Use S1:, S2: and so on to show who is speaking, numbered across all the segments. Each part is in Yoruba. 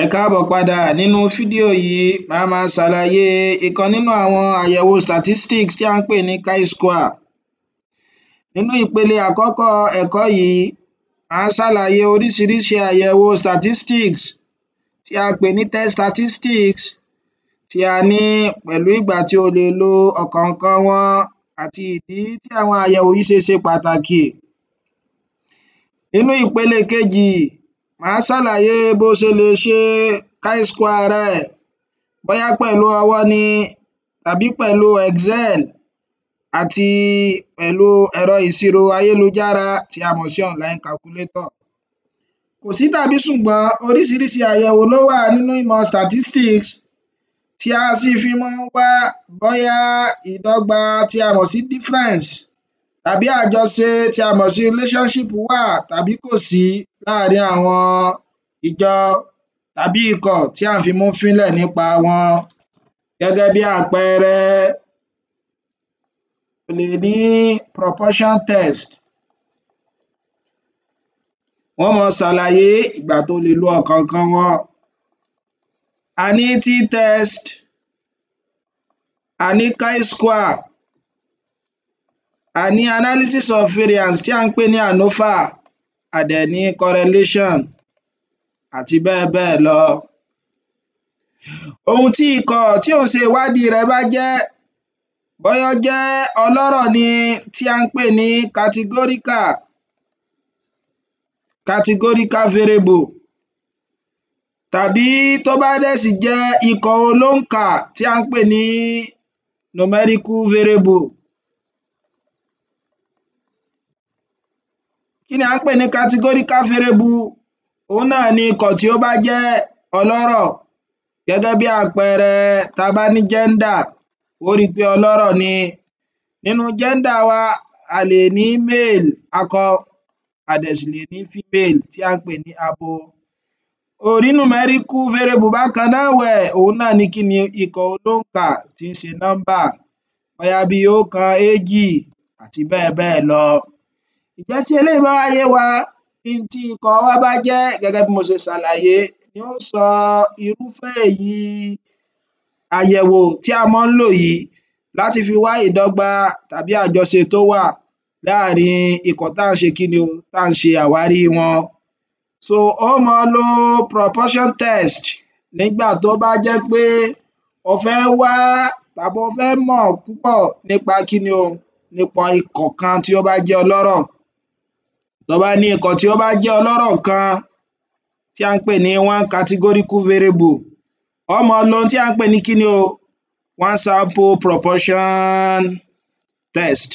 S1: Ẹ káàbọ̀ padà nínú fídíò yìí màá ma ṣàlàyé ìkan nínú àwọn àyẹ̀wò statistics tí à ń pè ní chi-square. Nínú ìpele àkọ́kọ́ ẹ̀kọ́ yìí à ń ṣàlàyé oríṣiríṣi àyẹ̀wò statistics tí a pè ní test statistics tí a ní pẹ̀lú ìgbà tí o lè lo ọ̀kọ̀ọ̀kan wọn àti ìdí tí àwọn àyẹ̀wò yìí ṣe ṣe pàtàkì. Nínú ìpele kejì Màá ṣàlàyé bó ṣe lè ṣe chi-square ara ẹ̀ bóyá pẹ̀lú ọwọ́ ni tàbí pẹ̀lú excel àti pẹ̀lú ẹ̀rọ ìṣirò ayélujára tí a mọ̀ sí online calculator. Kò sí tàbí ṣùgbọ́n oríṣiríṣi àyẹ̀wò ló wà nínú ìmọ̀ statistics tí a sì fi mọ́ ń wá bóyá ìdọ́gba tí a mọ̀ sí difference tàbí àjọṣe tí a mọ̀ sí relationship wà tàbí kò sí láàrin àwọn ìjọ tàbí ikọ̀ tí à ń fimú fínlẹ̀ nípa wọn gẹ́gẹ́ bí àpẹẹrẹ a lè ní proportion test wọ́n máa ṣàlàyé ìgbà tó le lo ọ̀kọ̀ọ̀kan wọn. A ní t-test, a ní chi-square, a ní analysis of variance tí à ń pè ní ANOVA a dẹ̀ ní correlation àti bẹ́ẹ̀ bẹ́ẹ̀ lọ. Ohun tí ikọ̀ tí ò ń ṣe ìwádìí rẹ̀ bá jẹ́ bóyá ó jẹ́ ọlọ́rọ̀ ni tí à ń pè ní categorical categorical variable tàbí tó bá dẹ̀ sì jẹ́ ikọ̀ olóǹkà tí à ń pè ní numerical variable. Kí ni à ń pè ní categorical variable? Òhun náà ni ikọ̀ tí ó bá jẹ́ ọlọ́rọ̀ gẹ́gẹ́ bí àpẹẹrẹ ta bá ní gender ó ri pé ọlọ́rọ̀ ni. Nínú gender wa a lè ní male akọ a dẹ̀ sì lè ní female tí à ń pè ní abo. Orí numerical variable bákan náà ẹ̀wẹ̀ òhun náà ni kí ni ikọ̀ olóǹkà tí ń ṣe number bóyá bí i éjì àti bẹ́ẹ̀ bẹ́ẹ̀ lọ. Ǹjẹ́ tí eléyìí bá wá yé wa n tí ikọ̀ wa bá jẹ́ gẹ́gẹ́ bí mo ṣe ṣàlàyé ni ó sọ irúfẹ́ èyí àyẹ̀wò tí a mọ́ ń lò yìí láti fi wá ìdọ́gba tàbí àjọṣe tó wà láàrin ikọ̀ tá ń ṣe kíni o tá ń ṣe àwárí wọn. So ó mọ lo proportion test nígbà tó bá jẹ́ pé o fẹ́ wá tàbí o fẹ́ mọ̀ púpọ̀ nípa kíni o nípa ikọ̀ kan tí ó bá jẹ́ ọlọ́rọ̀ tó bá ní ikọ̀ tí ó bá jẹ́ ọlọ́rọ̀ kan tí à ń pè ní one categorical variable ó máa lo ohun tí à ń pè ní kíni o one sample proportion test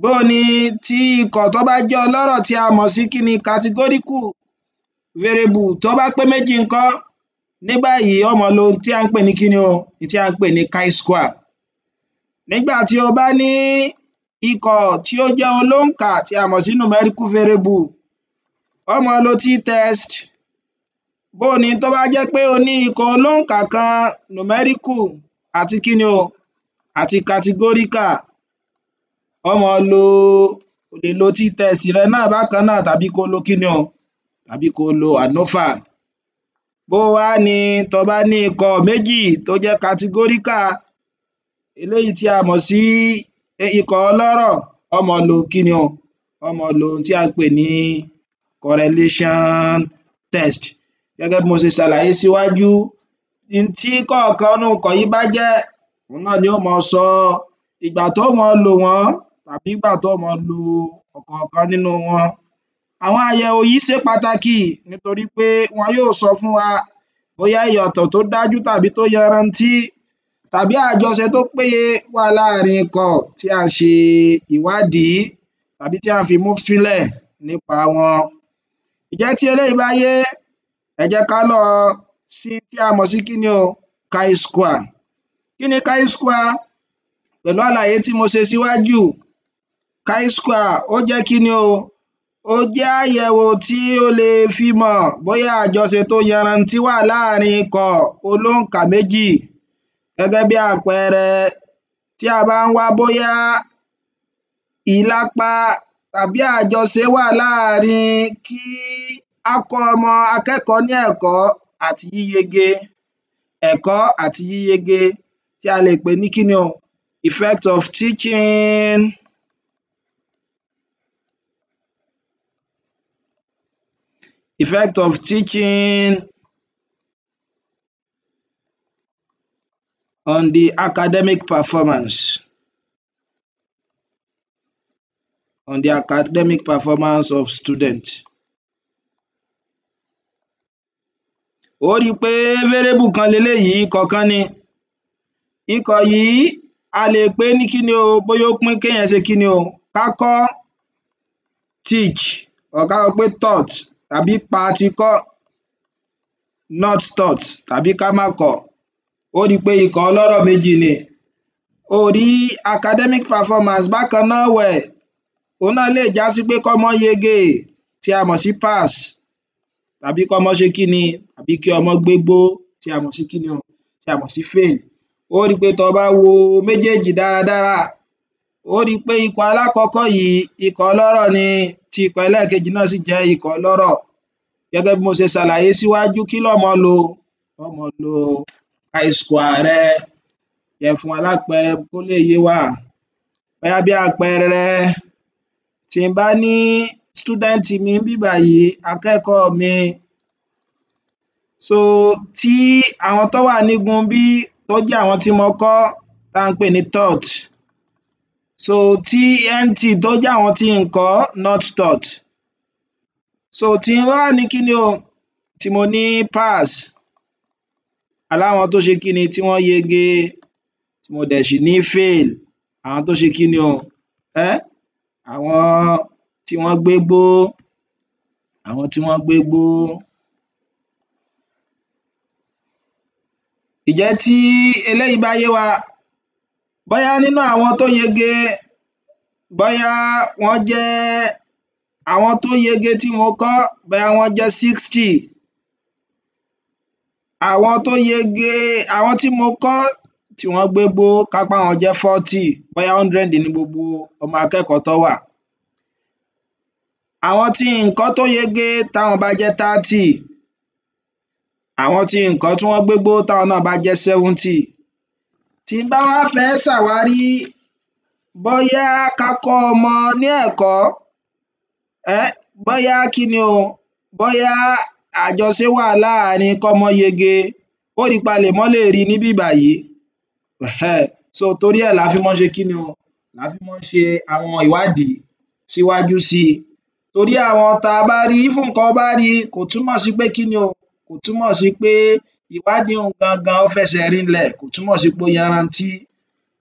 S1: bó o ni tí ikọ̀ tó bá jẹ́ ọlọ́rọ̀ tí a mọ̀ sí kíni categorical variable tó bá pé méjì ńkọ́ ní báyìí ó máa lo ohun tí à ń pè ní kíni o tí à ń pè ní chi-square nígbà tí o bá ní Ikọ̀ tí ó jẹ́ olóǹkà tí a mọ̀ sí numerical variable ó lo t-test bó o ní tó bá jẹ́ pé o ní ikọ̀ olóǹkà kan numerical àti kíni o àti categorical ó lo o lè lo t-test rẹ náà bákan náà tàbí kó o lo kíni o tàbí kó o lo Hannover. Bó wá ni tó bá ní ikọ̀ méjì tó jẹ́ categorical eléyìí tí a mọ̀ sí ikọ̀ ọlọ́rọ̀ wọ́n mọ lo kíni o wọ́n mọ lo ohun tí à ń pè ní correlation test gẹ́gẹ́ bí mo ṣe ṣàlàyé síwájú n tí kọ̀ọ̀kan nínú ikọ̀ yìí bá jẹ́ òun náà ni ó mọ sọ ìgbà tó mọ lò wọ́n tàbí ìgbà tó mọ lo ọ̀kọ̀ọ̀kan nínú wọn àwọn àyẹ̀wò yìí ṣe pàtàkì nítorí pé wọn yóò sọ fún wa bóyá ìyàtọ̀ tó dájú tàbí tó yanrantí tàbí àjọṣe tó péye wà láàrin ikọ̀ tí à ń ṣe ìwádìí tàbí tí à ń fimúfínlẹ̀ nípa wọn. Ǹjẹ́ tí eléyìí bá yé ẹ jẹ́ ká lọ sí tí a mọ̀ sí kíni o chi-square. Kí ni chi-square? Pẹ̀lú àlàyé tí mo ṣe síwájú chi-square ó jẹ́ kíni o ó jẹ́ àyẹ̀wò tí ó le fi mọ̀ bóyá àjọṣe tó yanrantí wà láàrin ikọ̀ olóǹkà méjì Gẹ́gẹ́ bí àpẹẹrẹ, tí a bá ń wá bóyá ìlapa tàbí àjọṣe wà láàrin kí á kọ́ ọmọ akẹ́kọ̀ọ́ ní ẹ̀kọ́ àti yíyege, ẹ̀kọ́ àti yíyege tí a lè pè ní kíni o effect of teaching effect of teaching on the academic performance. On the academic performance of student. Ó rí i pé variable kan leléyìí ikọ̀ kan ni. Ikọ̀ yìí a lè pè ní kíni o bóyá ó pín kéèyàn ṣe kíni o ká kọ́ teach or ká pé taught tàbí pa ti kọ́ not taught tàbí ká má kọ́ ó rí i pé ikọ̀ ọlọ́rọ̀ méjì ni ó rí academic performance bákan náà wẹ̀ òun náà lè já sí pé kọ́mọ yege tí a mọ̀ sí pass tàbí kọ́mọ ṣe kí ni àbí kí ọmọ gbégbó tí a mọ̀ sí kí ni o tí a mọ̀ sí fail ó rí i pé tó bá wo méjèèjì dáradára ó rí i pé ikọ̀ alákọ̀ọ́kọ́ yìí ikọ̀ ọlọ́rọ̀ ni tí ikọ̀ ẹlẹ́ẹ̀kejì náà sì jẹ́ ikọ̀ ọlọ́rọ̀ gẹ́gẹ́ bí mo ṣe ṣàlàyé síwájú kí lọ́mọ lò ọmọ lò i square rẹ yẹn fún wa lápẹẹrẹ kó lè yé wa bóyá bí àpẹẹrẹ tí n bá ní student mi níbí báyìí akẹ́kọ̀ọ́ mi so tí àwọn tó wà nígun bí tó jẹ́ àwọn tí mo kọ́ tá à ń pè ní taught so tí nt tó jẹ́ àwọn tí n kọ́ not taught so tí n wá ní kíni o tí mo ní pass aláwọn tó ṣe kíni tí wọ́n yege tí mo dẹ̀ ṣì ní fail àwọn tó ṣe kíni o um àwọn tí wọ́n gbégbó àwọn tí wọ́n gbégbó. Ǹjẹ́ tí eléyìí bá yé wa bóyá nínú àwọn tó yege bóyá wọ́n jẹ́ àwọn tó yege tí mo kọ́ bóyá wọ́n jẹ́ sixty Àwọn tó yege àwọn tí mo kọ́ tí wọ́n gbégbó ká pé àwọn jẹ́ forty bóyá hundred ni gbogbo ọmọ akẹ́kọ̀ọ́ tán wà. Àwọn tí n kọ́ tó yege táwọn bá jẹ́ thirty. Àwọn tí n kọ́ tí wọ́n gbégbó táwọn náà bá jẹ́ seventy. Tí n bá wá fẹ́ ṣàwárí bóyá ká kọ́ ọmọ ní ẹ̀kọ́ um bóyá kíni o bóyá àjọṣe wà láàrin kọ́mọ yege ó rí palẹ̀mọ́ lè rí níbí báyìí so torí ẹ̀ la fi mọ́ ń ṣe kíni o la fi mọ́ ń ṣe àwọn ìwádìí síwájú sí i torí àwọn ta bá rí even kọ́ bá rí kò túmọ̀ sí pé kíni o kò túmọ̀ sí pé ìwádìí un gangan ó fẹsẹ̀ rinlẹ̀ kò túmọ̀ sí pé ó yanrantí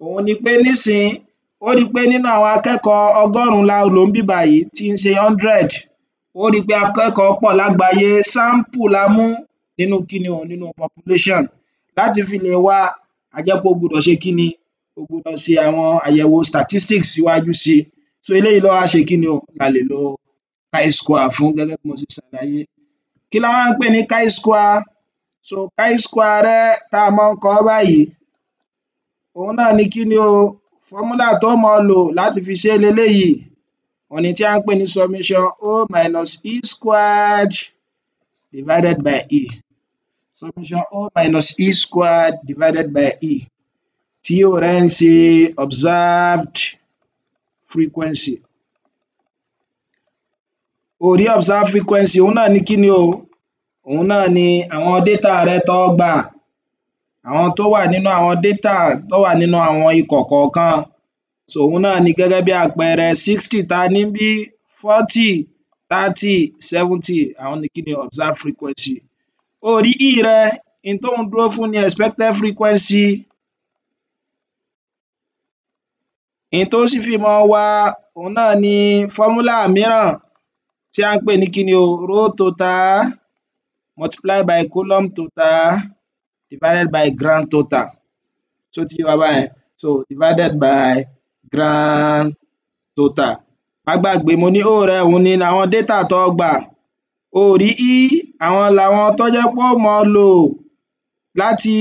S1: òhun ni pé nísìnyí ó ri pé nínú àwọn akẹ́kọ̀ọ́ ọgọ́rùn-ún la lò níbí báyìí tí ń ṣe hundred ó ri pé akẹ́kọ̀ọ́ pọ̀ lágbàáyé, sample la mú nínú kíni o, nínú population. Láti fi lè wa, a jẹ́ pé ó gbudọ̀ ṣe kíni, ó gbudọ̀ ṣe àwọn àyẹ̀wò statistics síwájú si. So eléyìí ló wá ṣe kíni o, la lè lo chi-square fún gẹ́gẹ́ bí mo ṣe ṣàlàyé. Kí la wá ń pè ní chi-square? So chi-square rẹ́ tá a máa ń kọ ọ́ báyìí, òhun náà ni kíni o, fọ́múlà tó o lò láti fi ṣé leléyìí òun ni tí à ń pè ní O minus E squared divided by E summation O minus E squared divided by E tí yóò rẹ̀ ń ṣe observed frequency Ori observed frequency òun náà ni kí ni o òun náà ni àwọn data rẹ tó gbà àwọn tó wà nínú àwọn data tó wà nínú àwọn ikọ̀ kọ̀ọ̀kan so òhun náà ni gẹ́gẹ́ bí àpẹẹrẹ sixty tá a ní níbí forty thirty seventy àwọn ni kí ni observed frequency o ò rí e rẹ n tóun dúró fún ni expected frequency n tó sì fi mọ́ wa òhun náà ni fọ́múlà mìíràn tí à ń pè ní kí ni o row total multiplied by column total divided by grand total tó ti yé wa báyẹn so divided by grand total má gbàgbé mo ní ó rẹ òun ni àwọn data tó gbà o rí í àwọn làwọn tó jẹ́ pé ó mọ lò láti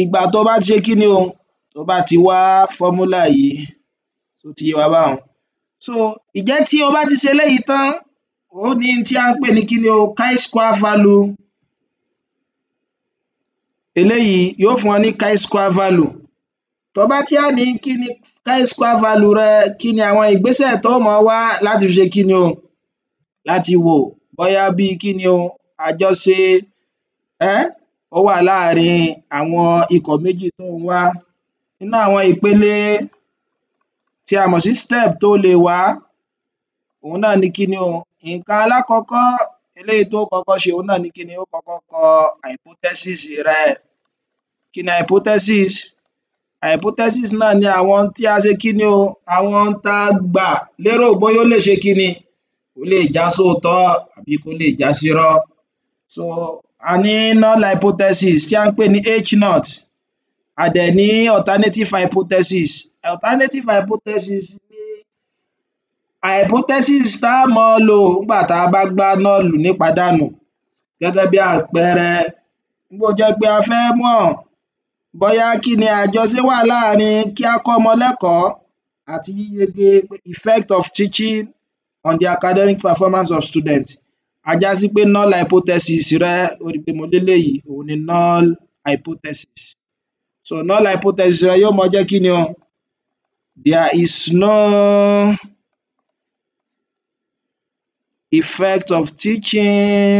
S1: ìgbà tó bá ti ṣe kí ni o tó bá ti wá fọ́múlà yìí tó ti yé wa báhun so ìjẹ́ tí o bá ti ṣe eléyìí tán ó ní tí à ń pè ní kí ni o chi square value eléyìí yóò fún ọ ní chi square value tó bá tí wàá ní kí ni chi square value rẹ kí ni àwọn ìgbésẹ̀ tó máa wá láti fi ṣe kí ni o láti wò bóyá bí kí ni o àjọṣe um ó wà láàrin àwọn ikọ̀ méjì tó ń wá nínú àwọn ìpele tí a mọ̀ sí step tó lè wá òhun náà ni kí ni o nǹkan alákọ̀ọ́kọ́ eléyìí tó kọ́kọ́ ṣe òhun náà ni kí ni ó kọ́kọ́ kọ hypothesis rẹ̀ kí ni hypothesis hypothesis náà ni àwọn tí a ṣe kíni o, àwọn ohun tá a gbà lérò bóyá ó lè ṣe kíni, ó lè já sóòótọ́ àbí kó lè já sírọ́. So a ní null hypothesis tí à ń pè ní H not. a dẹ̀ ní alternative hypothesis. Alternative hypothesis ni hypothesis tá á mọ́ lò nígbà tá a bá gbá null nípa dànù gẹ́gẹ́ bí àpẹẹrẹ, bó jẹ́ pé a fẹ́ mọ̀ bóyá kí ni àjọṣe wà láàrin kí á kọ́ ọmọ lẹ́kọ̀ọ́ àti yíyege effect of teaching on the academic performance of student á já sí pé null hypothesis rẹ ó rí i pé mo léléyìí òun ni null hypothesis so null hypothesis rẹ yóò mọ jẹ́ kí ni o there is no effect of teaching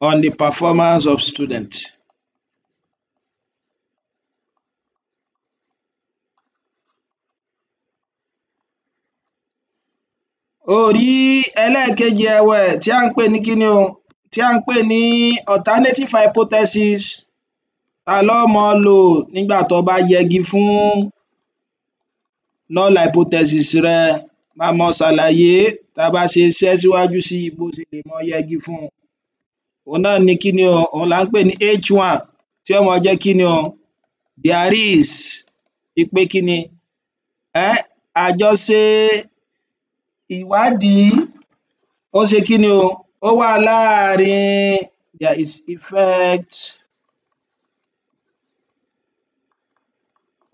S1: on the performance of student. Orí ẹlẹ́ẹ̀kejì ẹ̀wẹ̀ tí à ń pè ní kíni o tí à ń pè ní alternative hypothesis ta ló mọ́ lò nígbà tó bá yẹgi fún null hypothesis rẹ máa mọ ṣàlàyé tá a bá ṣe ṣẹ́ síwájú sí bó ṣe lè mọ yẹgi fún òhun náà ni kíni o òhun là ń pè ní h one tí ó máa jẹ́ kíni o there is wípé kíni um àjọṣe ìwádìí ó ṣe kíni o ó wà láàrin there is effect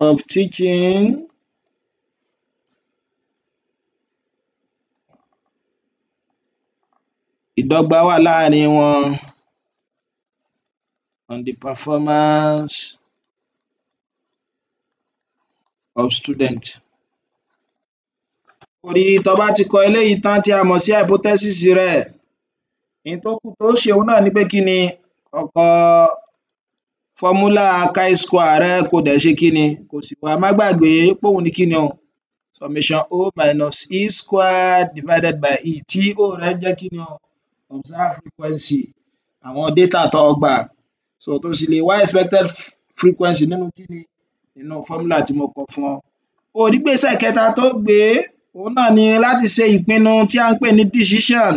S1: of teaching ìdọ́gba wà láàrin wọn on the performance of student torí tó bá ti kọ eléyìí tán tí a mọ̀ sí hypothesis rẹ̀ ohun tó kù tó ṣe òhun náà ni pé kí ni o kọ chi-square rẹ kó dẹ̀ ṣe kí ni kó sì wá má gbàgbé pé òun ni kí ni o summation o minus e squared divided by e tí o rẹ̀ jẹ́ kí ni o observe frequency àwọn data tó gbà so tó sì lè wá expected frequency nínú kíni nínú formula tí mo kọ fún ọ. Onígbésẹ̀ kẹta tó gbé òhun náà ni láti ṣe ìpinnu tí à ń pè ní decision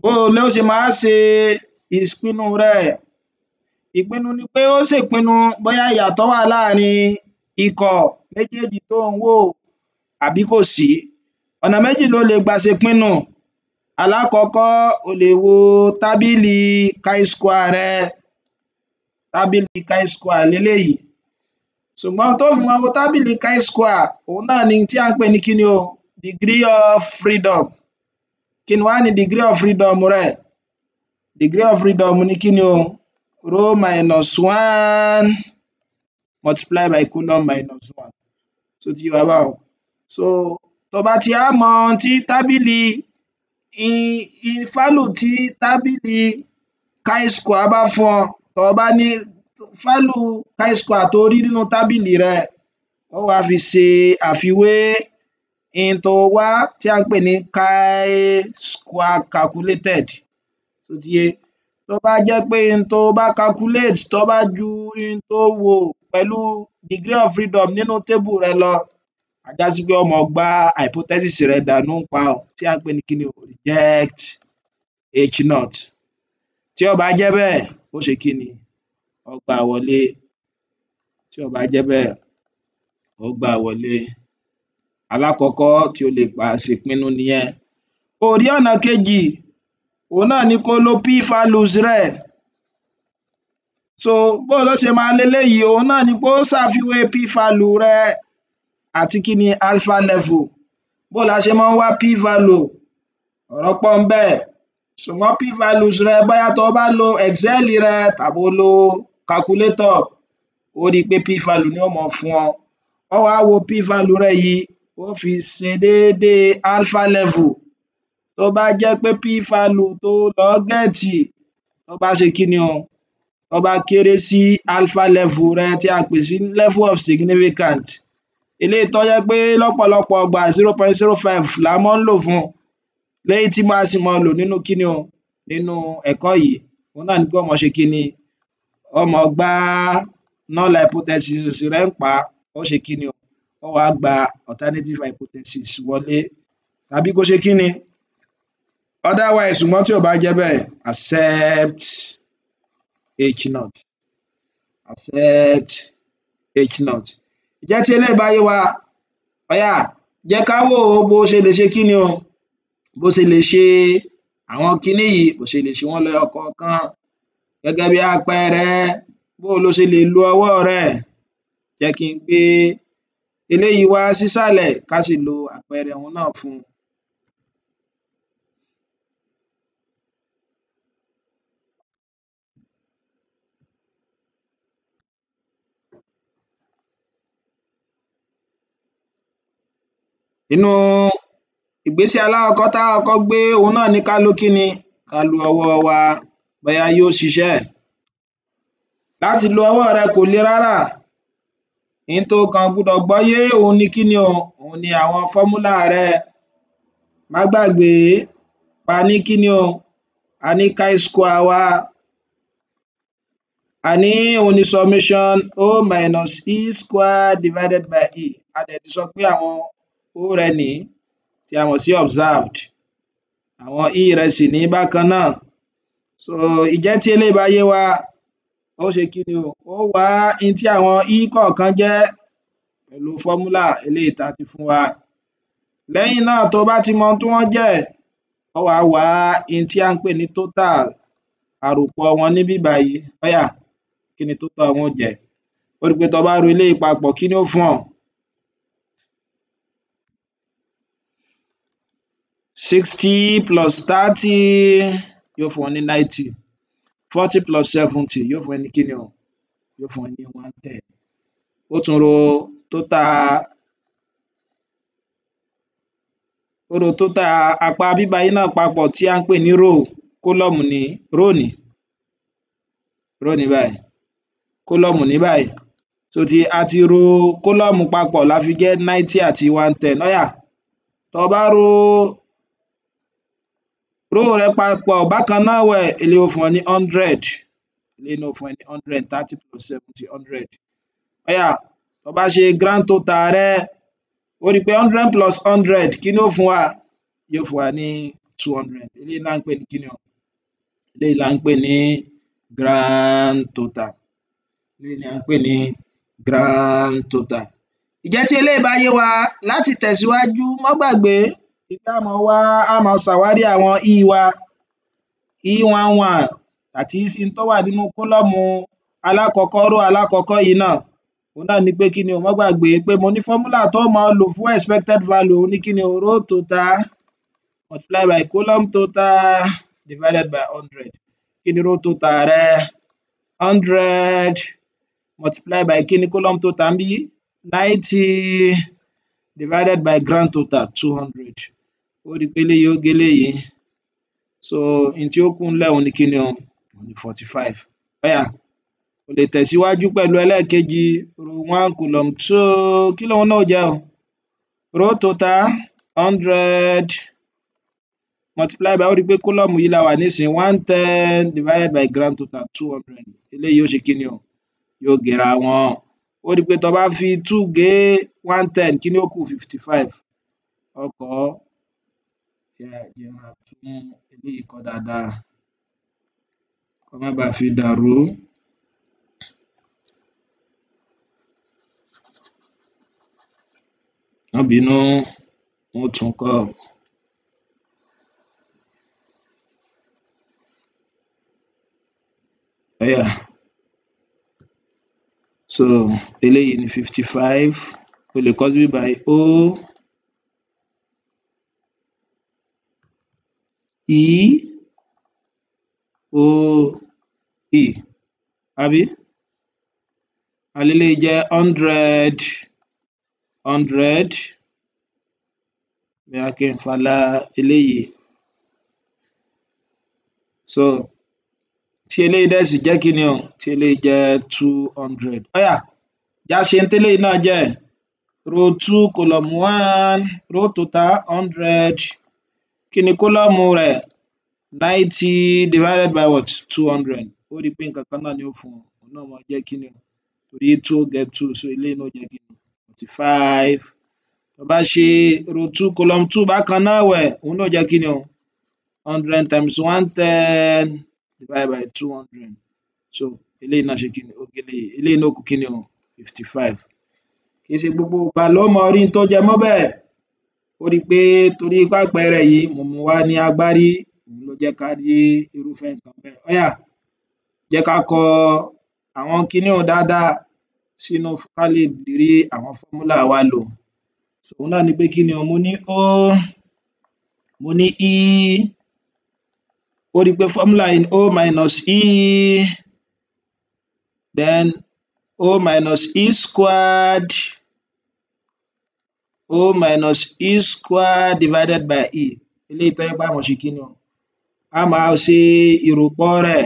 S1: bó o ló ṣe máa ṣe ìpinnu rẹ ìpinnu ni pé ó ṣèpinnu bóyá ìyàtọ̀ wà láàrin ikọ̀ méjéèjì tó ń wò àbí kò sí ọ̀nà méjì lo lè gbà ṣèpinnu Alákọ̀ọ́kọ́ o lè wo tábìlì chi-square rẹ, tábìlì chi-square leléyìí ṣùgbọ́n ohun tó fi máa wo tábìlì chi-square òhun náà ni ohun tí à ń pè ní kíni o degree of freedom. Kí ni wá ni degree of freedom rẹ̀? Degree of freedom ni kíni o rho minus one multiply by colon minus one so ti yé wa So tó bá ti wá mọ ohun tábìlì fálù tí tábìlì chi-square bá fún ọ tó o bá ní fálù chi-square tó rí nínú tábìlì rẹ o ó wá fi ṣe àfiwé n tó wá tí à ń pè ní chi-square calculated ṣó ti tó bá jẹ́ pé n tó bá calculate tó bá ju n tó wò pẹ̀lú degree of freedom nínú tébù rẹ lọ á já sí pé ó máa gbá hypothesis rẹ dànù pa ò tí à ń pè ní kíni o reject h naught tí ó bá jẹ́ bẹ́ẹ̀ ó ṣe kíni ó gbà wọlé tí ó bá jẹ́ bẹ́ẹ̀ ó gbà wọlé alákọ̀ọ́kọ́ tí ó lè pa ṣèpinnu nìyẹn òrí ọ̀nà kejì òun náà ni kó lo p values rẹ̀ so bó ló ṣe máa leléyìí òun náà ni pé ṣàfiwé p value rẹ̀ àti kí ni alpha level. Bóo la ṣe mọ́ ń wá p-value? Ọ̀rọ̀ pọ̀ ńbẹ̀ ṣùgbọ́n p-values rẹ bóyá tó o bá lo excel rẹ tàbí o lo calculator ó rí i pé p-value ni yóò mọ fún ọ. Ó wàá wo p-value rẹ yìí ó fi ṣe déédéé alpha level tó bá jẹ́ pé p-value tó lọ gẹ́ẹ̀tì tó bá ṣe kí ni o tó bá kéré sí alpha level rẹ tí a pè sí level of significant eléyìí tó jẹ́ pé lọ́pọ̀lọpọ̀ ọgbà zero point zero five la mọ́ ń lò fún lẹ́yìn tí máa sì mọ lò nínú kíni o nínú ẹ̀kọ́ yìí òun náà ni pé ọmọ ṣe kíni ọmọ gbá null hypothesis rẹ̀ ń pa ó ṣe kíni o ó wàá gba alternative hypothesis wọlé tàbí kó ṣe kíni otherwise ṣùgbọ́n tí ò bá jẹ́ bẹ́ẹ̀ accept h naught accept h naught jẹ́ tí eléyìí bá yé wa ọ̀yà jẹ́ ká wò ó bó ṣe lè ṣe kí ni o bó ṣe lè ṣe àwọn kinní yìí bó ṣe lè ṣe wọ́n lẹ́yọkọ̀ọ̀kan gẹ́gẹ́ bí àpẹẹrẹ bó o lo ṣe lè lo ọwọ́ rẹ jẹ́ kí n gbé eléyìí wá sísàlẹ̀ ká sì lo àpẹẹrẹ òun náà fún un Inú ìgbésẹ̀ alákọ́kọ́ tá kọ́kọ́ gbé òhun náà ni ká lo kíni, ká lo ọwọ́ wa bóyá yó ṣiṣẹ́. Láti lo ọwọ́ rẹ kò le rárá, n tó kàn gbudọ̀ gbọ́yé òhun ni kíni o, òhun ni àwọn fọ́múlà rẹ. Má gbàgbé pa ní kíni o, a ní chi-square wa, a ní òhun ni summation O minus E square divided by E. A dẹ̀ ti sọ pé àwọn orẹni tí a mọ̀ sí observed àwọn e rẹ̀ sì ní bákan náà so ìjẹ́ tí eléyìí bá yé wa ó ṣe kí ni o ó wá in tí àwọn e kọ̀ọ̀kan jẹ́ pẹ̀lú fọ́múlà eléyìí tá ti fún wa lẹ́yìn náà tó bá ti mọ ohun tí wọ́n jẹ́ ó wá wá in tí à ń pè ní total àròpọ̀ wọn níbí báyìí ó kí ni total wọn jẹ́ ó rí i pé tó bá ro eléyìí papọ̀ kí ni ó fún ọ sixty plus thirty yóò fún ọ ní ninety forty plus seventy yóò fún ẹ ní kíni o yóò fún ẹ ní one ten ó tún ro total ó ro total apá bíbá yìí náà papọ̀ tí à ń pè ní row kólọ́ọ̀mù ní row ní row ní báyìí kólọ́ọ̀mù ní báyìí tó ti a ti ro kólọ́ọ̀mù papọ̀ la fi get ninety àti one ten ó yá bá ro ró rẹ̀ papọ̀ bákan náà ẹ̀wẹ̀ eléyìí ó ní hundred eléyìí náà ó ní hundred thirty plus seventy hundred ó yá tó bá ṣe grand total rẹ ó rí pé hundred plus hundred kí ni ó fún wa yóò fún wa ní two hundred eléyìí là ń pè ní kí ni o eléyìí là ń pè ní grand total eléyìí ni à ń pè ní grand total. Ìjẹ́ tí eléyìí bá yé wa láti tẹ̀síwájú má gbàgbé á máa wá, á máa ṣàwárí àwọn e wa e11 that is n tó wà nínú kólọ́ọ̀mù alákọ̀ọ́kọ́ row alákọ̀ọ́kọ́ yìí náà òhun náà ni pé kí ni o, má gbàgbé pé mo ní fọ́múlà tó máa lò fún expected value òhun ni kí ni o, row total multiply by column total divided by hundred kí ni row total rẹ hundred multiply by kí ni column total níbí ninety divided by grand total two hundred ó ri pé eléyìí ó gé eléyìí so n tí ó kù ńlẹ̀ òhun ni kíni o òhun forty five bóyá kò lè tẹ̀síwájú pẹ̀lú ẹlẹ́ẹ̀kejì row one column two kí lòhun náà jẹ́ o row total hundred multiply by ó ri pé kólọ́ọ̀mù yìí la wà nísìnyí one ten divided by grand total two hundred eléyìí ó ṣe kíni o yóò gera wọn ó rí pé tó bá fi two gé one ten kí ó kù fifty five ọkọ kẹ́ jẹ́ra tún eléyìí kọ́ dáadáa kó má baà fi dàrú. Má bínú, n tún kọ́. Ọ̀yà so eléyìí ni fifty five o lè kọ sí by o. E o E, àbí? eléyìí jẹ́ hundred hundred bóyá kí n fala eléyìí so tí eléyìí dẹ̀ sì jẹ́ kí ni o, tí eléyìí jẹ́ two hundred óyá jẹ́ á ṣe ohun tí eléyìí náà jẹ́ row two column one row total hundred Kí ni kólọ́ọ̀mù rẹ̀? ninety divided by what? two hundred. Ó ó ri pé nǹkan kan náà ni yóò fún wọn, òhun náà máa jẹ́ kíni o? torí two get two so eléyìí náà ó jẹ́ kíni o? forty-five. Tó o bá ṣe row two column two bákan náà ẹ̀wẹ̀, òhun náà ó jẹ́ kíni o? hundred times one ten divided by two hundred. So eléyìí náà ṣe kíni o? ó gé eléyìí, náà ó ku kíni o? fifty-five. Kì í ṣe gbogbo ìgbà lo máa rí tó jẹ mọ́ bẹ́ẹ̀ ó ri pé torí pápẹẹrẹ yìí mo mu wá ní agbárí òhun ló jẹ́ ká rí irúfẹ́ nǹkan bẹ́ẹ̀ óyà jẹ́ ká kọ àwọn kiní un dáadáa sínú ká lè rí àwọn fọ́múlà wa lò òhun náà ni pé kíni o mo ní ó mo ní í e. ó ri pé fọ́múlà yìí ó minus í e, then o minus í e squared o minus e square divided by e eléyìí tó jẹ́ pé a máa ṣe kí ni o a máa ṣe ìròpọ̀ rẹ̀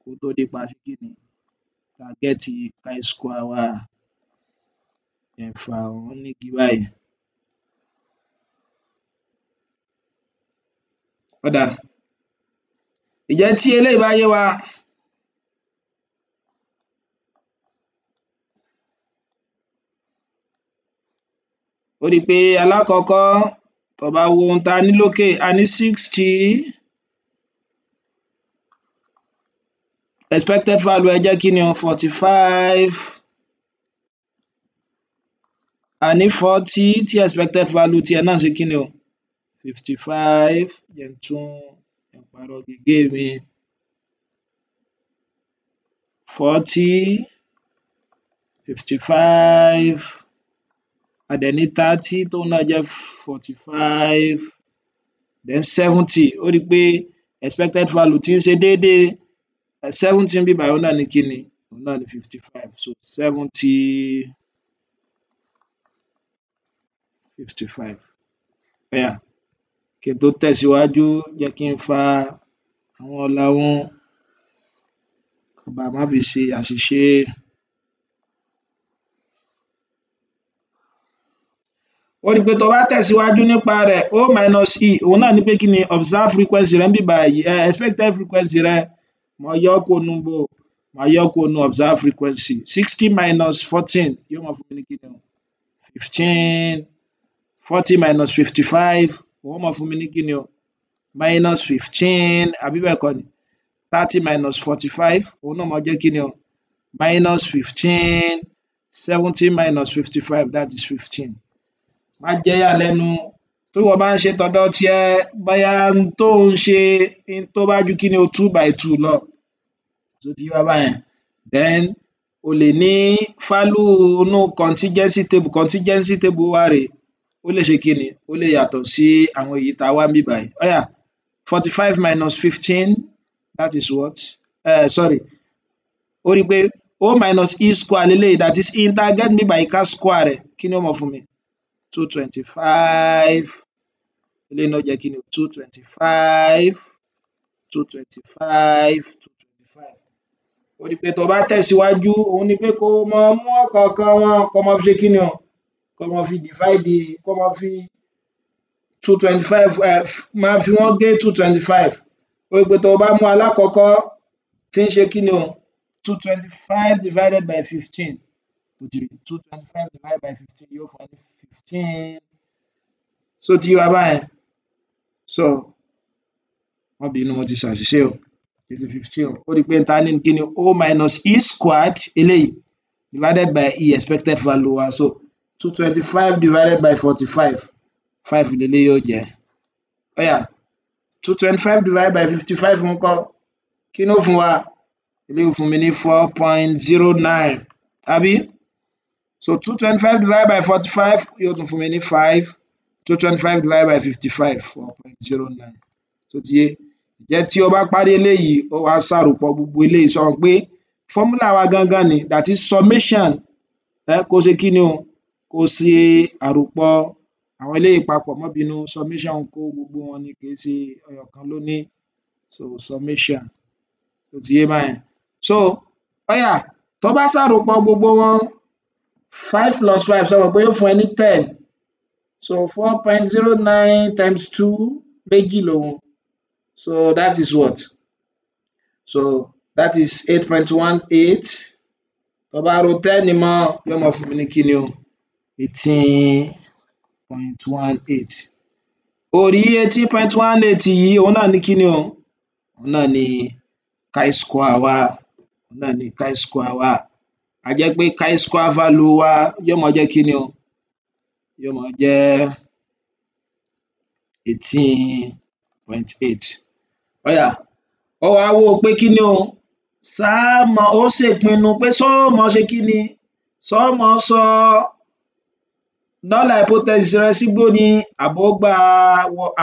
S1: kó tó di pa ṣe kí ni ta gẹ́ẹ̀tì e e square wa ẹ̀fà ọ̀hún nígi báyìí. Ó dáa, ìjẹ́ tí eléyìí bá yé wa ó ri pé alákọ̀ọ́kọ́ tó bá wo ohun ta ní lókè a ní sixty expected value ẹ̀ jẹ́ kí ni o forty five a ní forty tí expected value tiẹ̀ náà ṣe kí ni o fifty five jẹ́ n tún pààrọ̀ gègé mi forty fifty five a dẹ̀ ní thirty tóhun náà jẹ́ forty five then seventy ó ri pé expected value tí ń ṣe déédé seventy níbí báyìí òhun náà ni kíni òhun náà ni fifty five so seventy fifty five bóyá kí n tó tẹ̀síwájú jẹ́ kí n fa àwọn ọ̀làhun ká baà má fi ṣe àṣìṣe. ó rí i pé tó bá tẹ̀síwájú nípa rẹ̀ o minus e òun náà ni pé kí ni observed frequency rẹ ń bì báyìí eh, expected frequency rẹ mo yọ kó nu bo mo yọ kó nu observed frequency sixty minus fourteen yóò mọ fún mi ní kí ni o fifteen forty minus fifty-five òun mọ fún mi ní kí ni o minus fifteen àbí bẹ́ẹ̀ kọ́ ni thirty minus forty-five òun náà mọ jẹ́ kí ni o minus fifteen seventy minus fifty-five that is fifteen má jẹ́yà lẹ́nu tí ìwọ bá ń ṣe tọ̀dọ̀ tiẹ̀ bóyá n tó ń ṣe tó bá ju kíni o two by two lọ ṣó ti yé báyẹn then o lè ní value inú contingency table contingency table wa rèé ó lè ṣe kíni ó lè yàtọ̀ sí àwọn èyí tá a wá níbí báyìí ó yá forty five minus fifteen that is what uh, sorry ó rí i pé o minus e square leléyìí that is integer níbí báyìí ká square rẹ̀ kí ni ó mọ̀ fún mi two twenty five eléyìí náà jẹ́ kí ni two twenty five two twenty five two twenty five ó di pé tó bá tẹ̀síwájú òun ni pé kó mọ mú ọ̀kọ̀ọ̀kan wọn kó mọ fi ṣe kí ni o kó mọ fi divide kó mọ fi two twenty five eh, máa fi wọ́n gé two twenty five ó di pé tó bá mú alákọ̀ọ́kọ́ tí ń ṣe kí ni o two twenty five divided by fifteen which is 225 divided by 15 yóò fún 15 so ti wá báyẹn so wọ́n bínú mo ti ṣàṣìṣe o kì í ṣe 15 o ó rí o minus e squared eléyìí divided by e expected value wa so 225 divided by 45 5 lélẹ́yìí yóò yeah. ó yá 225 divided by 55 ń kọ́ kí ló fún wa eléyìí fún mi ní 4.09 àbí So 225 divided by 45 you tún fún mi ní 5. 225 divided by 55 4.09. So ti yé. Ǹjẹ́ back o bá or eléyìí, ó wá ṣàròpọ̀ gbogbo eléyìí sọ pé fọ́múlà wa gangan that is summation ẹ kó ṣe kí ni o kó ṣe àròpọ̀ àwọn eléyìí papọ̀ summation kó bubu wọn kesi kì í so summation So ti yé So ó yá tó bá ṣàròpọ̀ gbogbo wọn five plus five sọ̀rọ̀ pé yóò fún ẹ ní ten so four point zero nine times two méjì lòun so that is what so that is eight point one eight tó bá ro ten ni mọ́ yóò mọ fún mi ní kíni o eighteen point one eight orí eighteen point one eight yìí òun náà ní kíni o òun náà ní chi square wa òun náà ní chi square wa a jẹ́ pé chi square value wa yóò máa jẹ́ kíni o yóò máa jẹ́ eighteen point eight ó yá ó wá wò ó pé kíni o sáà mọ ó ṣèpinnu pé sọ́ọ̀mọ ṣe kíni sọ́ọ̀mọ sọ null hypothesis rẹ sígbó ni àbógbà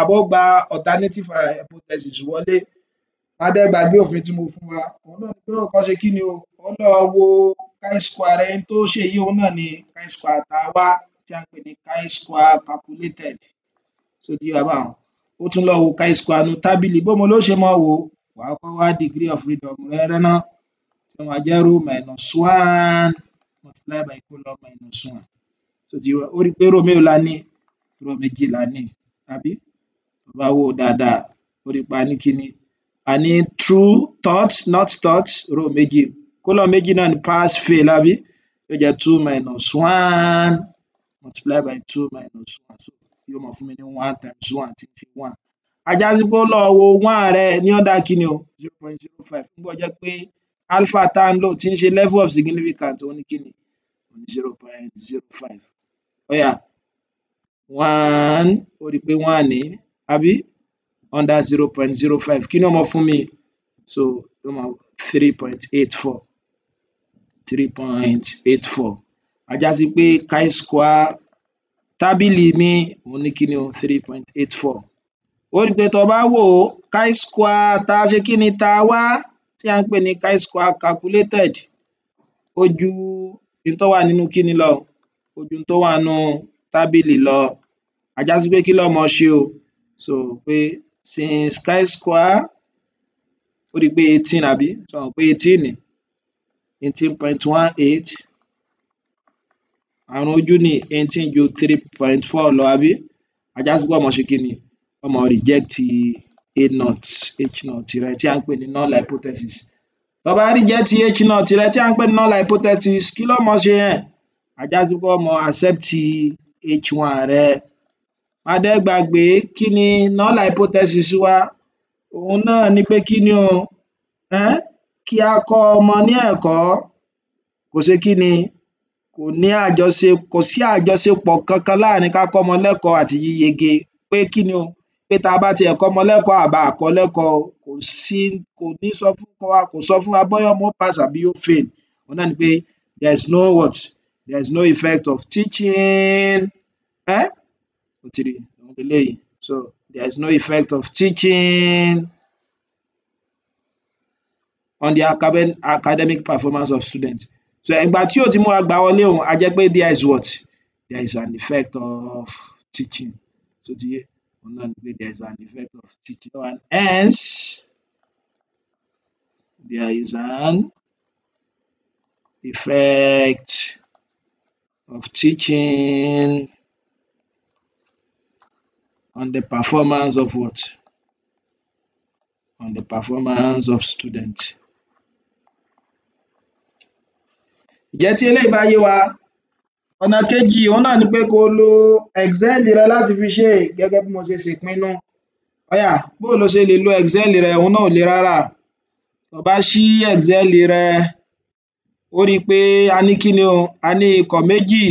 S1: àbógbà alternative hypothesis wọlé adẹ́gbàgbé òfin tí mo fún wa òun náà ni pé òun kàn ṣe kíni o ó lọ wo chi-square ẹni tó ṣe èyí òun ni chi-square tá a wá tí à ń chi-square calculated So ti yé wa báwọn ó tún wo chi-square nínú tábìlì bóo lo ó ṣe máa wò ó wà degree of freedom rẹ náà tí ó máa jẹ́ rho minus one multiply by colon minus one ṣó ti wa ó rí i pé rho mélòó la ní rho méjì la ní àbí tó bá wò ó dáadáa ó rí i a ní true thought not thought rho méjì kólọ̀ méjì náà ni pass fail àbí yóò jẹ́ two minus one multiply by two minus one so yóò máa fún mi ní one times one tí fi one ajá sí pé ó lọ wo one rẹ ní ọ̀dà kíni o zero point zero five nígbà jẹ́ pé alpha tá ń lò tí ń ṣe level of significance òun ni kíni zero point zero five oya one ó rí i pé one ni àbí under zero point zero five kí ni ó máa fún mi so yóò máa three point eight four 3.84. point eight sí pé chi square tábìlì mi òun ní kíni o three point eight ó rí pé tó bá wò ó chi square tá a ṣe kíni tá a wá tí à ń pè ní chi square calculated ó ju n tó wà nínú kíni lọ ó ju n tó wà nínú tábìlì lọ a sí pé kí lọ́mọ ṣe o so pé since chi square ó rí i pé eighteen àbí sọ pé eighteen eighteen point one eight àrùn ojú ni eighteen ju three point four lọ àbí ajá sí pé ọmọ ṣe kí ni ọmọ reject a naught h naught rẹ tí à ń pè ní null hypothesis tó bá reject h naught rẹ tí à ń pè ní null hypothesis kí ló mọ ṣe yẹn ajá sí pé ọmọ accept h one rẹ má dẹ̀ gbàgbé kí ni null hypothesis wa òun náà ni pé kí ni o um kí á kọ́ ọmọ ní ẹ̀kọ́ kò ṣe kí ni kò ní àjọṣe kò sí àjọṣepọ̀ kankan láàrin ká kọ́mọ lẹ́kọ̀ọ́ àti yíyege pé kí ni o pé tá a bá tiẹ̀ kọ́mọ lẹ́kọ̀ọ́ à bá lẹ́kọ̀ọ́ kò sí kò ní sọ fún wa kò sọ fún wa bóyá ọmọ pass àbí yó fail òhun náà ni pé there is no what there is no effect of teaching ẹ́ o ti rí òhun so there is no effect of teaching on the academic performance of students. So ìgbà tí ò ti múra gbà wọlé òun a jẹ́ pé there is what? There is an effect of teaching. So ti yé òun náà ni pé there is an effect of teaching. And hence there is an effect of teaching on the performance of what? On the performance of students. Ǹjẹ́ tí eléyìí bá yé wa, ọ̀nà kejì òhun náà ni pé ko lo Excel rẹ láti fi ṣe gẹ́gẹ́ bí mo ṣe ṣèpinnu. Óyà bóo lo ṣe lè lo Excel rẹ? Òhun náà ò le rárá. Tó ṣí Excel rẹ, ó rí i pé a ní kíni o? A ní ikọ̀ méjì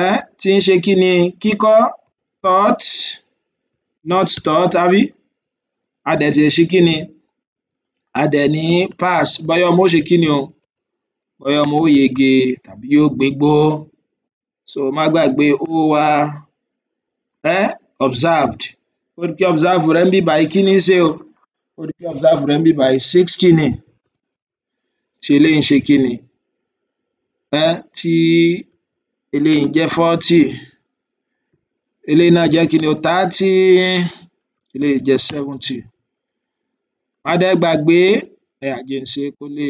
S1: um tí ń ṣe kíni? Kíkọ́ taught not taught àbí? A dẹ̀ ṣì ṣí kíni? A dẹ̀ ní pass bóyá ọmọ ó ṣe kíni o? bóyá ọmọ ó yege tàbí yó gbégbó so má gbàgbé ó wa um observed ó ri pé observe rẹ níbí bàyìí kí ní ń ṣe o ó ri pé observe rẹ níbí bàyìí six kíni tí eléyìí ń ṣe kíni um tí eléyìí jẹ́ forty eléyìí náà jẹ́ kíni o thirty eléyìí jẹ́ seventy má dẹ̀ gbàgbé jẹ́ ń ṣé kó lè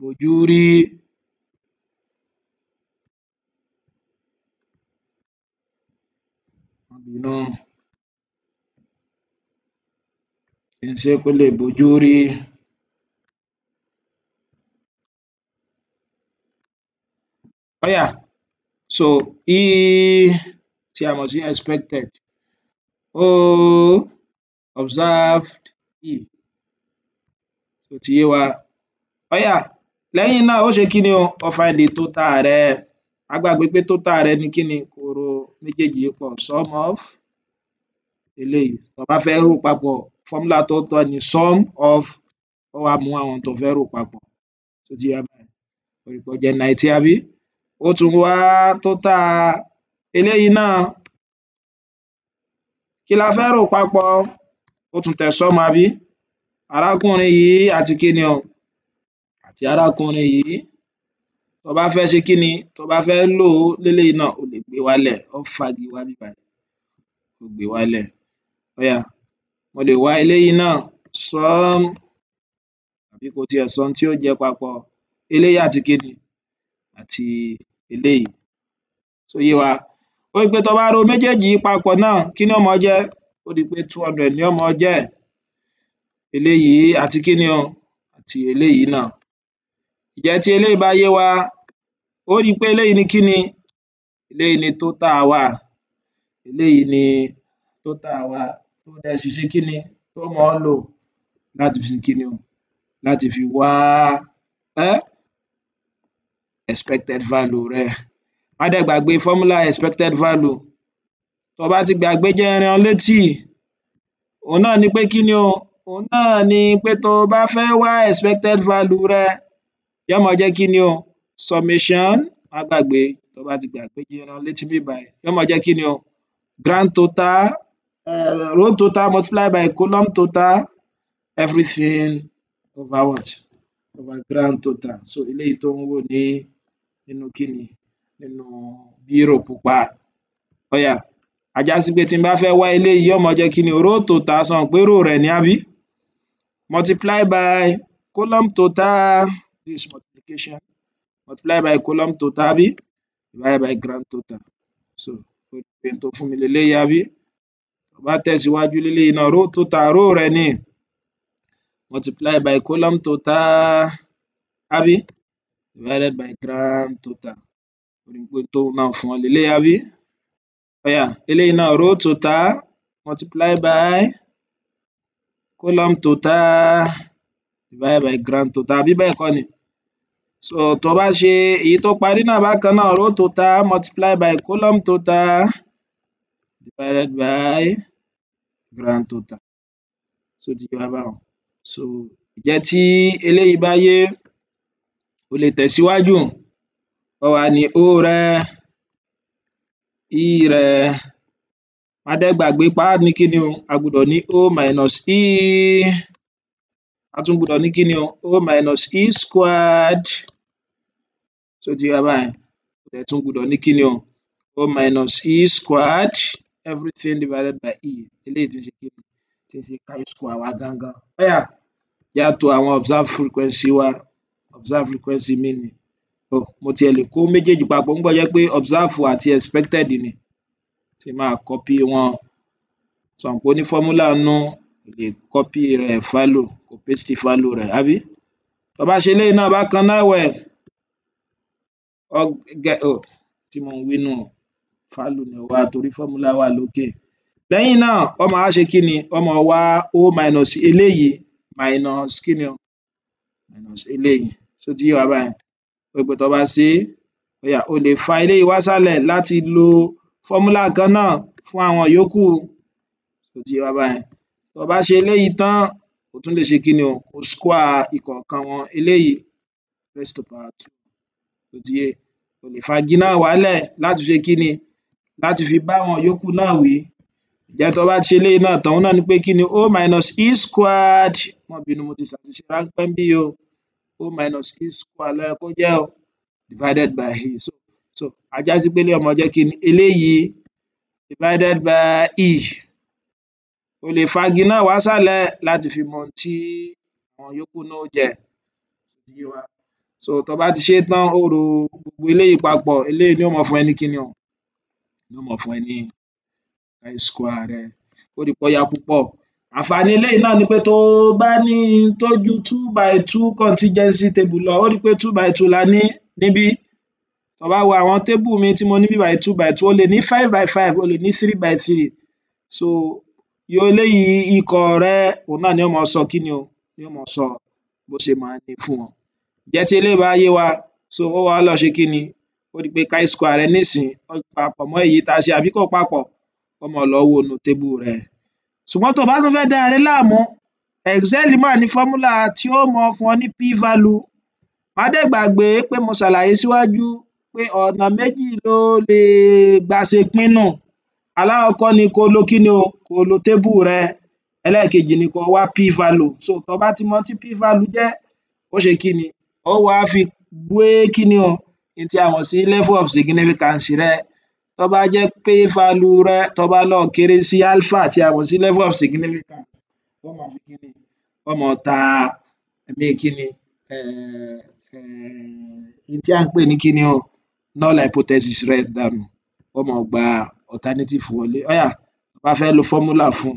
S1: bojú rí kìí ṣe pé ó lè bojú rí óyà so e tí a mọ̀ sí expected o observed e ó ti yé wa óyà Lẹ́yìn náà ó ṣe kíni o, ó find the total rẹ, má gbàgbé pé total rẹ ni kíni, kó ro méjèèjì pọ̀ sum of eléyìí, tó bá fẹ́ rò papọ̀ formula tó tọ́ ni sum of, ó wá mú àwọn tó fẹ́ rò papọ̀, ṣó ti yé báyẹn, ó ri pé àbí, ó tún wá total eléyìí náà, kí la fẹ́ rò papọ̀, ó tún tẹ sum àbí, arákùnrin yìí àti kíni o tí arákùnrin yìí tó bá fẹ́ ṣe kíni tó bá fẹ́ lò ó léléyìí náà o lè gbé wálẹ̀ ó fagi wá bí báyìí ó gbé wálẹ̀ óyá mo lè wá eléyìí náà sọ ọ́ àbí kò tiẹ̀ sọ ohun tí ó jẹ papọ̀ eléyìí àti kíni àti eléyìí ṣó yé wa ó rí pé tó bá ro méjèèjì papọ̀ náà kí ó mọ jẹ́ ó di pé two hundred ni ó mọ jẹ́ eléyìí àti kíni o àti eléyìí náà Ǹjẹ́ tí eléyìí bá yé wa, ó ri pé eléyìí ni kíni? Eléyìí ni total wa, eléyìí ni total wa tó dẹ̀ ṣì ṣe kíni? Tó mọ̀ọ́ lò láti fi kíni o? Láti fi wá expected value rẹ̀. Má dẹ̀ gbàgbé formula expected value. Tó o bá ti gbàgbé jẹ́ ń rán ọ létí, òhun náà ni pé kíni o? Òhun náà ni pé tó o bá fẹ́ wá expected value rẹ, Yó ma jẹ́ kíni o? Summation má gbàgbé tó bá ti gbàgbé rán létí bíbàyìí, yó ma jẹ́ kíni o? Grand total, um row total multiply by column total everything over what? Over grand total. So eléyìí tó ń wò ní nínú kíni? Nínú bírò pupa. Óyá a já sí pé tí n bá fẹ́ wá eléyìí yó ma jẹ́ kíni o? Row total, a sọ mọ̀ rẹ̀ ni àbí? Multiply by column total this multiplication multiply by column total bí divided by grand total so òpin tó fún mi leléyìí àbí tó bá tẹ̀síwájú leléyìí náà row total row rẹ̀ ni multiply by column total àbí divided by grand total òpin tó náà fún ọ leléyìí àbí ọ̀yà eléyìí náà row total multiply by column total divided by grand total àbí bẹ́ẹ̀ kọ́ ni so tó bá ṣe èyí tó parí náà bákan náà row total multiply by column total divided by grand total so ti yé wa báwọn so ìjẹ́ tí eléyìí bá yé o lè tẹ̀síwájú ọ wá ní ó rẹ i rẹ má pa á ní kíni o a gbọ́dọ̀ ní o minus i. E a tún gbúdọ̀ ní kíni o o minus e squared tó ti wá báyìí a dẹ̀ tún gbúdọ̀ ní kíni o o minus e squared everything divided by e eléyìí ti ṣe kíni tí ṣe chi square wa gangan bóyá yàtò àwọn observed frequency wa Observe frequency mi ni o mo tiẹ̀ lè kó méjèèjì papọ̀ ń gbọ́ jẹ́ pé observed àti expected ni tí máa copy wọn sọ̀ǹpọ̀ ní fọ́múlà nù. No, lè copy rẹ̀ eh, value kó paste value rẹ̀ àbí tó bá ṣe eléyìí náà bákan náà ẹ̀wẹ̀ tí mò ń wí nù value ni ó wá torí formula wà lókè lẹ́yìn náà ó máa ṣe kí ni ó máa wá o minus eléyìí minus kí ni o minus eléyìí ṣó ti yé wa báyìí ó pé tó bá ṣe é ó yá o lè fa eléyìí wá sálẹ̀ láti lo fọ́múlà kan náà fún àwọn yòókù ṣó ti yé wa báyìí tó bá ṣe eléyìí tán o tún lè ṣe kí ni o kó square ìkọ̀ọ̀kan wọn eléyìí raised to power two tó ti yé kò lè fagi náà wálẹ̀ láti ṣe kí ni láti fi bá àwọn yòókù náà wí ǹjẹ́ tó bá ṣe eléyìí náà tán òun náà ni pé kí ni o minus e squared má bínú mo ti ṣàṣìṣe ráńpẹ́ ń bí o o minus e squared ló yẹ kó jẹ́ o divided by e so so ajá sí pé eléyìí ọmọ jẹ́ kí ni eléyìí divided by e o lè fa igi náà wá sísàlẹ̀ láti fi mọ tí àwọn yòókù náà ó so tó bá ti ṣe é tán ó ro gbogbo eléyìí papọ̀ eléyìí ni yóò máa fún ẹ kíni o ni yóò máa fún ẹ ní chi-square rẹ ó rí i pé ó yá púpọ̀ àǹfààní eléyìí náà ni pé tó bá ní ohun two by two contingency table lọ ó rí i pé two by two la ní níbí tó o bá wo àwọn tébù mi tí mo ní níbí báyìí two by two o lè ní five by five o lè ní three by three so yọ eléyìí ikọ̀ rẹ òun náà ni ó máa sọ kíni o ni ó máa sọ bó ṣe máa ní fún wọn ǹjẹ́ tí eléyìí bá yé wa so ó wá lọ ṣe kíni ó di pé chi square rẹ nísìnyí ó papọ̀ mọ́ èyí tá a ṣe àbí kò papọ̀ ó máa lọ wò nínú tébù rẹ ṣùgbọ́n tó o bá tún fẹ́ dára rẹ láàmú excel mà ní fọ́múlà tí ó mọ fún ọ ní p value má dẹ̀ gbàgbé pé mo ṣàlàyé síwájú pé ọ̀nà méjì ló lè gbà ṣe alákọ̀ọ́kọ́ ni kó lo kíni o kó o lo table rẹ. Ẹlẹ́ẹ̀kejì ni kó wá P so tó bá ti mọ ohun tí P value jẹ́ ó ṣe kí ni, ó wá fi wé kí ni o, ohun tí a mọ̀ sí level of significance rẹ. Tó bá jẹ́ P rẹ tó bá lọ kéré sí alpha tí a mọ̀ sí level of significance ó máa ṣe kí ni, ó máa ta bí kí ni ohun tí à ń pè ní kí ni o, null hypothesis rẹ dànù, ó máa gba alternative wọlé. Ó bá fẹ́ lo fọ́múlà fún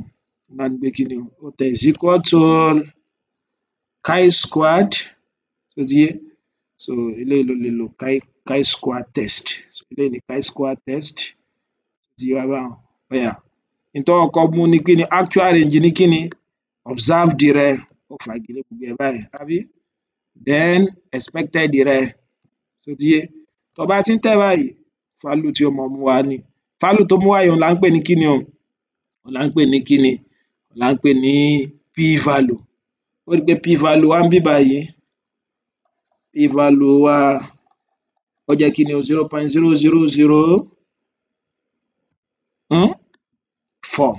S1: un máa ń gbé kíni o hotel is equal to chi squared tó ti yé so eléyìí ló lè lo chi chi square test so eléyìí ni chi square test tó ti yé wa báwọn ọ̀yà nítorí ọkọ mú ni kíni actual range ni kíni observed rẹ ó fagilé gbogbo ẹ báyìí àbí then expected rẹ tó ti yé tó bá ti ń tẹ̀ báyìí fálù tí ó mọ mú wa ni fálù tó mú wa yìí òun là ń pè ní kíni o òhun là ń pè ní kíni? òhun là ń pè ní P value. Ó ri pé P value wa ńbí bàyìí, P value wa ó jẹ́ kíni o? zero point zero zero zero um four.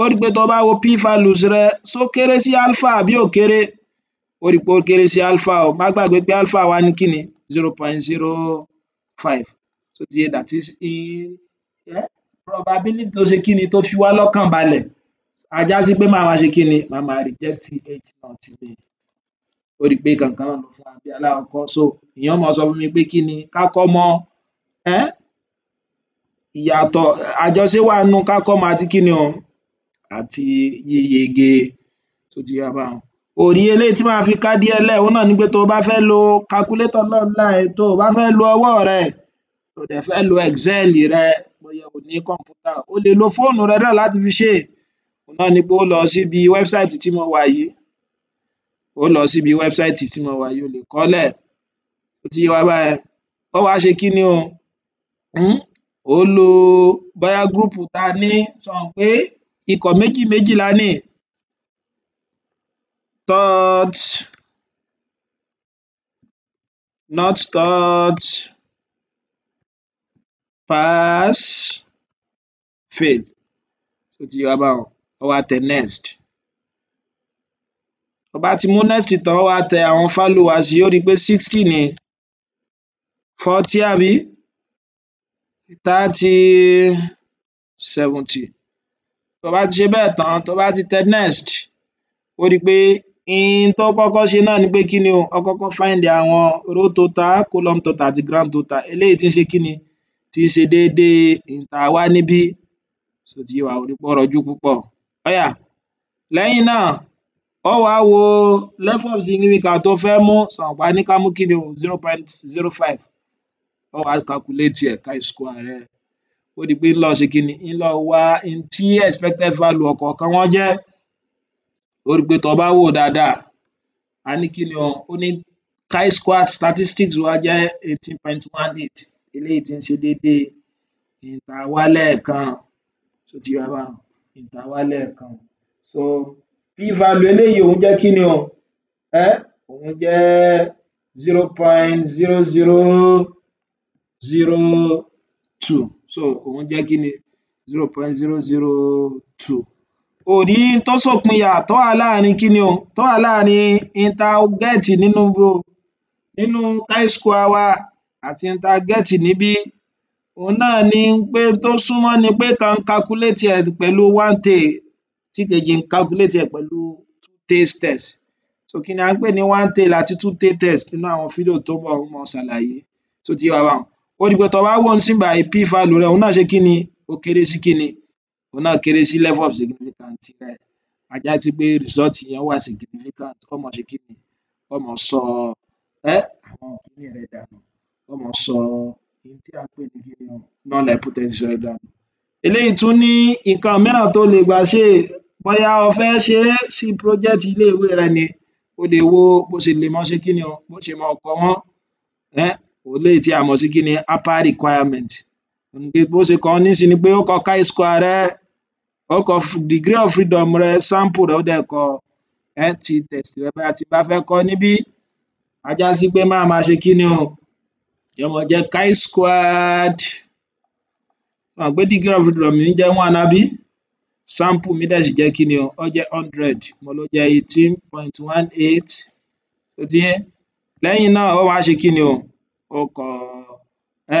S1: Ó ó ri pé tó o bá wo P values rẹ ṣó kéré sí alpha àbí ò kéré? Ó ri pé ó kéré sí alpha o. Má gbàgbé pé alpha wa ní kíni? zero point zero five. so ti yé? that is um probability tó ṣe kíni tó fi wá lọ́kàn balẹ̀ á jásí pé màá máa ṣe kíni màá máa reject h naught mi ó rí i pé kankan náà ló fún wa bí alákọ̀ọ́kọ́ so èèyàn máa sọ fún mi pé kíni ká kọ́ mọ um ìyàtọ̀ àjọṣe wà nínú ká kọ́ mọ àti kíni o àti yíyege tó ti yé báhun òrí eléyìí tí màá fi kádìí ẹ lẹ̀ náà ni pé tó o bá fẹ́ lo calculator náà láì tó o bá fẹ́ lo ọwọ́ rẹ o dẹ̀ fẹ́ lo excel rẹ bóyá o ní kọ̀m̀pútà, o lè lo fóònù rẹ náà láti fi ṣe é, òhun náà ni pé ó lọ síbi wẹ́bsáìtì tí mo wà yìí, ó lọ síbi wẹ́bsáìtì tí mo wà yìí, o lè kọ́ọ́lẹ̀, ó ti yé wa báyẹn, ó wá ṣe kíni o, um ó lo bóyá gúrúùpù ta ní, ṣo mọ̀ pé ikọ̀ méjì méjì la ní, not, not pass fail So ti yé wa báhun ó wá tẹ next tó bá ti mú next tán ó wá tẹ àwọn followers yìí ri pé sixty ni forty àbí thirty seventy tó bá ti ṣe bẹ́ẹ̀ tán tó bá ti tẹ next ó ri pé n tó kọ́kọ́ ṣe náà ni pé kí ni o ó kọ́kọ́ find àwọn row total column total àti grand total eléyìí tí ń ṣe kí ni tí ń ṣe déédé n tá a wá níbí ṣó ti wa, o ri rọjú púpọ̀ óyà lẹ́yìn náà ó wá wo level of significance tó fẹ́ mú ṣo ní ká mú kíni o zero point zero five ó wá calculate ẹ̀ chi square rẹ̀ ó di pé ń lọ ṣe kíni, ń lọ wá n tí expected value ọ̀kọ̀ọ̀kan wọn jẹ́ ó ri pé tó o bá wò ó dáadáa a ní kíni o, ó ní chi square statistics wa jẹ́ eighteen point one eight eléyìí tí ń ṣe déédéé n tá a wá ti yé wa báhun so p-value eléyìí òun jẹ́ kí o um òun jẹ́ zero point zero zero zero two so òun jẹ́ kí zero point zero zero two ò rí n tó ṣòpinya tó wà láàrin kí ni o tó wà láàrin n tá nínú nínú chi-square wa àti n ta gẹ́ẹ̀tì níbí òhun náà ni pé n tó súnmọ́ ni pé ìkan ń calculate ẹ̀ pẹ̀lú one tail tí ìkejì ń calculate ẹ̀ pẹ̀lú two tail test. So kí ni à ń pè ní one tail àti two tail test nínú àwọn fídíò tó ń bọ̀ ń máa ṣàlàyé ṣó ti yé wa báhun. Ó di pé tó bá wò ó nísìnyí báyìí p value rẹ̀ òhun náà ṣe kí ni ó kéré sí kí ni òhun náà kéré sí level of significance rẹ̀ á já sí pé result yẹn wà significant ó máa ṣe kí ni ó sọ um àwọn kiní rẹ̀ dànù wọ́n máa sọ ohun tí à ń pè ní kíni o non-hypothesis dànù. Eléyìí tún ní nǹkan mìíràn tó o lè gbà ṣe é, bóyá o fẹ́ ṣe é sí project ilé-ìwé rẹ ni, o lè wo bó ṣe lè máa ṣe kíni o, bó ṣe máa kọ wọ́n um eléyìí tí a mọ̀ sí kíni Harper requirement bó ṣe kọ wọ́n nísìnyí ni pé ó kọ chi-square rẹ, ó kọ degree of freedom rẹ, sample rẹ, ó dẹ̀ kọ HT test rẹ. Bóyá tí o bá fẹ́ kọ ọ́ níbí, á já sí pé máa máa ṣe kíni o, yóò mọ jẹ́ chi squared mọ̀ pé degree of freedom mi jẹ́ one àbí sample mi dẹ̀ sì jẹ́ kí ni o ó jẹ́ hundred mo ló jẹ́ eighteen point one eight tó ti yé lẹ́yìn náà ó wá ṣe kí ni o ó kọ um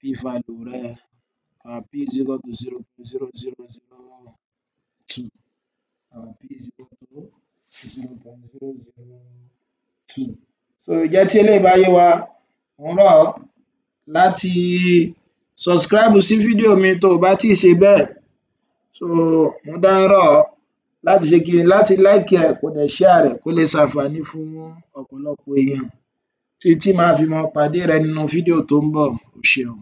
S1: p rẹ p is to zero point zero zero zero two um p is to zero point zero zero two so ìjẹ́ tí eléyìí bá yé wa ń rọ̀ láti subscribe sí fídíò mi tó o bá tí ì ṣe bẹ́ẹ̀ so mo dá ń rọ̀ láti ṣe kíni láti like ẹ̀ kó dẹ̀ share rẹ̀ kó lè ṣàǹfààní fún ọ̀pọ̀lọpọ̀ èèyàn títí tí màá fi máa pàdé rẹ nínú fídíò tó ń bọ̀ o ṣeun.